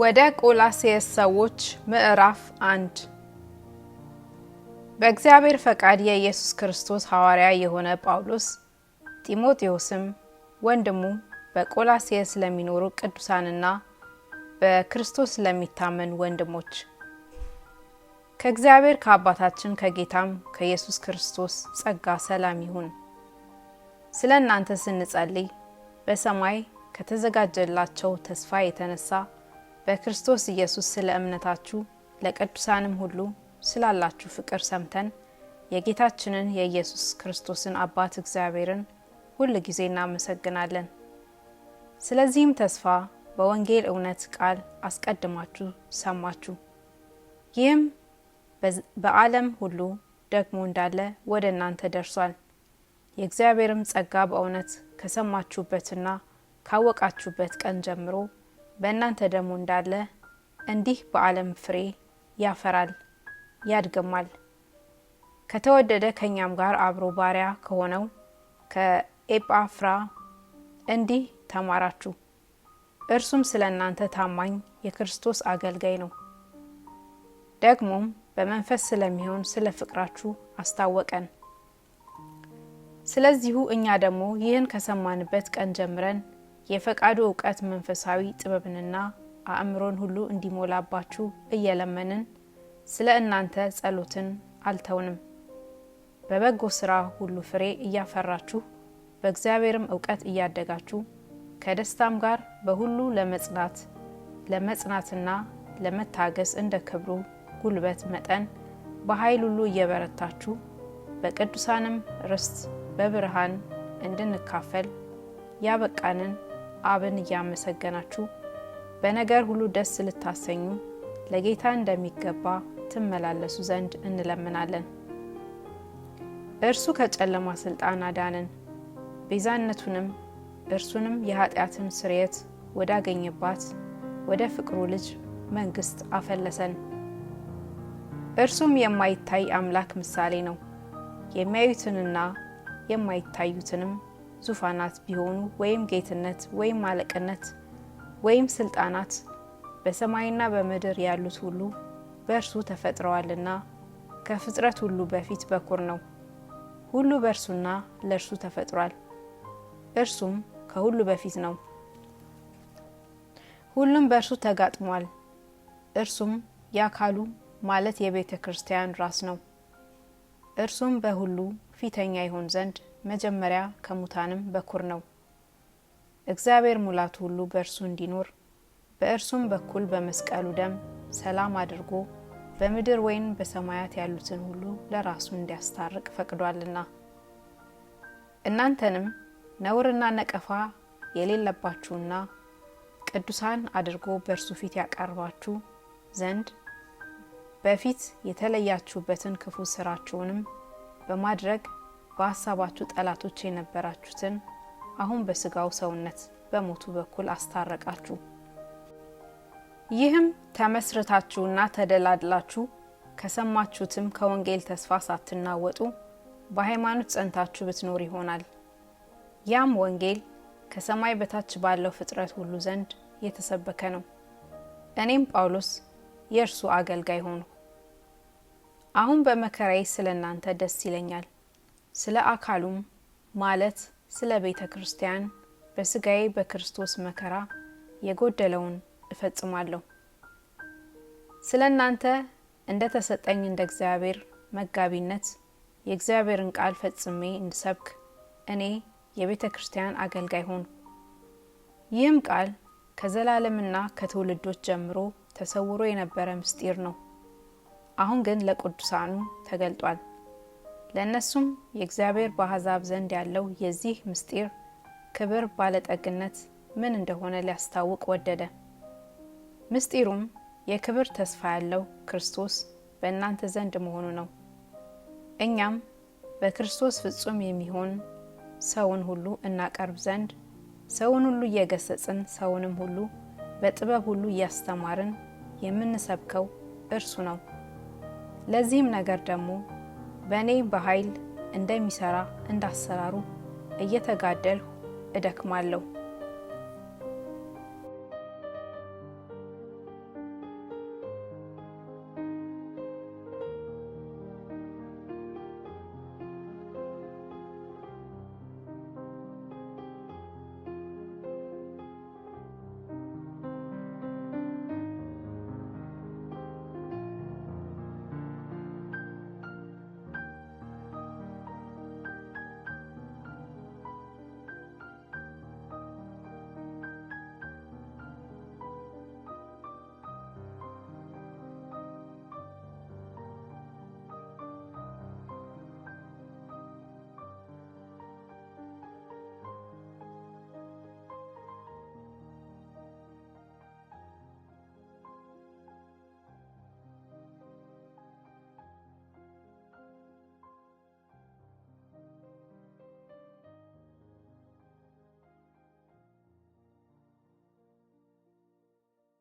ወደ ቆላሴስ ሰዎች ምዕራፍ አንድ በእግዚአብሔር ፈቃድ የኢየሱስ ክርስቶስ ሐዋርያ የሆነ ጳውሎስ ጢሞቴዎስም ወንድሙ በቆላሴስ ለሚኖሩ ቅዱሳንና በክርስቶስ ለሚታመን ወንድሞች ከእግዚአብሔር ከአባታችን ከጌታም ከኢየሱስ ክርስቶስ ጸጋ ሰላም ይሁን። ስለ እናንተ ስንጸልይ በሰማይ ከተዘጋጀላቸው ተስፋ የተነሳ በክርስቶስ ኢየሱስ ስለ እምነታችሁ ለቅዱሳንም ሁሉ ስላላችሁ ፍቅር ሰምተን የጌታችንን የኢየሱስ ክርስቶስን አባት እግዚአብሔርን ሁል ጊዜ እናመሰግናለን። ስለዚህም ተስፋ በወንጌል እውነት ቃል አስቀድማችሁ ሰማችሁ። ይህም በዓለም ሁሉ ደግሞ እንዳለ ወደ እናንተ ደርሷል። የእግዚአብሔርም ጸጋ በእውነት ከሰማችሁበትና ካወቃችሁበት ቀን ጀምሮ በእናንተ ደግሞ እንዳለ እንዲህ በዓለም ፍሬ ያፈራል ያድግማል። ከተወደደ ከእኛም ጋር አብሮ ባሪያ ከሆነው ከኤጳፍራ እንዲህ ተማራችሁ። እርሱም ስለ እናንተ ታማኝ የክርስቶስ አገልጋይ ነው። ደግሞም በመንፈስ ስለሚሆን ስለ ፍቅራችሁ አስታወቀን። ስለዚሁ እኛ ደግሞ ይህን ከሰማንበት ቀን ጀምረን የፈቃዱ እውቀት መንፈሳዊ ጥበብንና አእምሮን ሁሉ እንዲሞላባችሁ እየለመንን ስለ እናንተ ጸሎትን አልተውንም። በበጎ ስራ ሁሉ ፍሬ እያፈራችሁ በእግዚአብሔርም እውቀት እያደጋችሁ ከደስታም ጋር በሁሉ ለመጽናት ለመጽናትና ለመታገስ እንደ ክብሩ ጉልበት መጠን በኃይል ሁሉ እየበረታችሁ በቅዱሳንም ርስት በብርሃን እንድንካፈል ያበቃንን አብን እያመሰገናችሁ በነገር ሁሉ ደስ ልታሰኙ ለጌታ እንደሚገባ ትመላለሱ ዘንድ እንለምናለን። እርሱ ከጨለማ ስልጣን አዳነን፣ ቤዛነቱንም እርሱንም የኃጢአትን ስርየት ወዳገኝባት ወደ ፍቅሩ ልጅ መንግስት አፈለሰን። እርሱም የማይታይ አምላክ ምሳሌ ነው፣ የሚያዩትንና የማይታዩትንም ዙፋናት ቢሆኑ ወይም ጌትነት ወይም አለቅነት ወይም ስልጣናት በሰማይና በምድር ያሉት ሁሉ በእርሱ ተፈጥረዋልና ከፍጥረት ሁሉ በፊት በኩር ነው። ሁሉ በእርሱና ለእርሱ ተፈጥሯል፣ እርሱም ከሁሉ በፊት ነው። ሁሉም በእርሱ ተጋጥሟል፣ እርሱም የአካሉ ማለት የቤተ ክርስቲያን ራስ ነው። እርሱም በሁሉ ፊተኛ ይሆን ዘንድ መጀመሪያ ከሙታንም በኩር ነው። እግዚአብሔር ሙላቱ ሁሉ በእርሱ እንዲኖር በእርሱም በኩል በመስቀሉ ደም ሰላም አድርጎ በምድር ወይም በሰማያት ያሉትን ሁሉ ለራሱ እንዲያስታርቅ ፈቅዷልና እናንተንም ነውርና ነቀፋ የሌለባችሁና ቅዱሳን አድርጎ በእርሱ ፊት ያቀርባችሁ ዘንድ በፊት የተለያችሁበትን ክፉ ስራችሁንም በማድረግ በሀሳባችሁ ጠላቶች የነበራችሁትን አሁን በስጋው ሰውነት በሞቱ በኩል አስታረቃችሁ። ይህም ተመስርታችሁና ተደላድላችሁ ከሰማችሁትም ከወንጌል ተስፋ ሳትናወጡ በሃይማኖት ጸንታችሁ ብትኖር ይሆናል። ያም ወንጌል ከሰማይ በታች ባለው ፍጥረት ሁሉ ዘንድ የተሰበከ ነው። እኔም ጳውሎስ የእርሱ አገልጋይ ሆኑ። አሁን በመከራዬ ስለ እናንተ ደስ ይለኛል። ስለ አካሉም ማለት ስለ ቤተ ክርስቲያን በስጋዬ በክርስቶስ መከራ የጎደለውን እፈጽማለሁ። ስለ እናንተ እንደ ተሰጠኝ እንደ እግዚአብሔር መጋቢነት የእግዚአብሔርን ቃል ፈጽሜ እንድሰብክ እኔ የቤተ ክርስቲያን አገልጋይ ሆን። ይህም ቃል ከዘላለምና ከትውልዶች ጀምሮ ተሰውሮ የነበረ ምስጢር ነው፣ አሁን ግን ለቅዱሳኑ ተገልጧል። ለእነሱም የእግዚአብሔር በአሕዛብ ዘንድ ያለው የዚህ ምስጢር ክብር ባለጠግነት ምን እንደሆነ ሊያስታውቅ ወደደ። ምስጢሩም የክብር ተስፋ ያለው ክርስቶስ በእናንተ ዘንድ መሆኑ ነው። እኛም በክርስቶስ ፍጹም የሚሆን ሰውን ሁሉ እናቀርብ ዘንድ ሰውን ሁሉ እየገሰጽን ሰውንም ሁሉ በጥበብ ሁሉ እያስተማርን የምንሰብከው እርሱ ነው። ለዚህም ነገር ደግሞ በእኔ በኃይል እንደሚሰራ እንዳሰራሩ እየተጋደልሁ እደክማለሁ።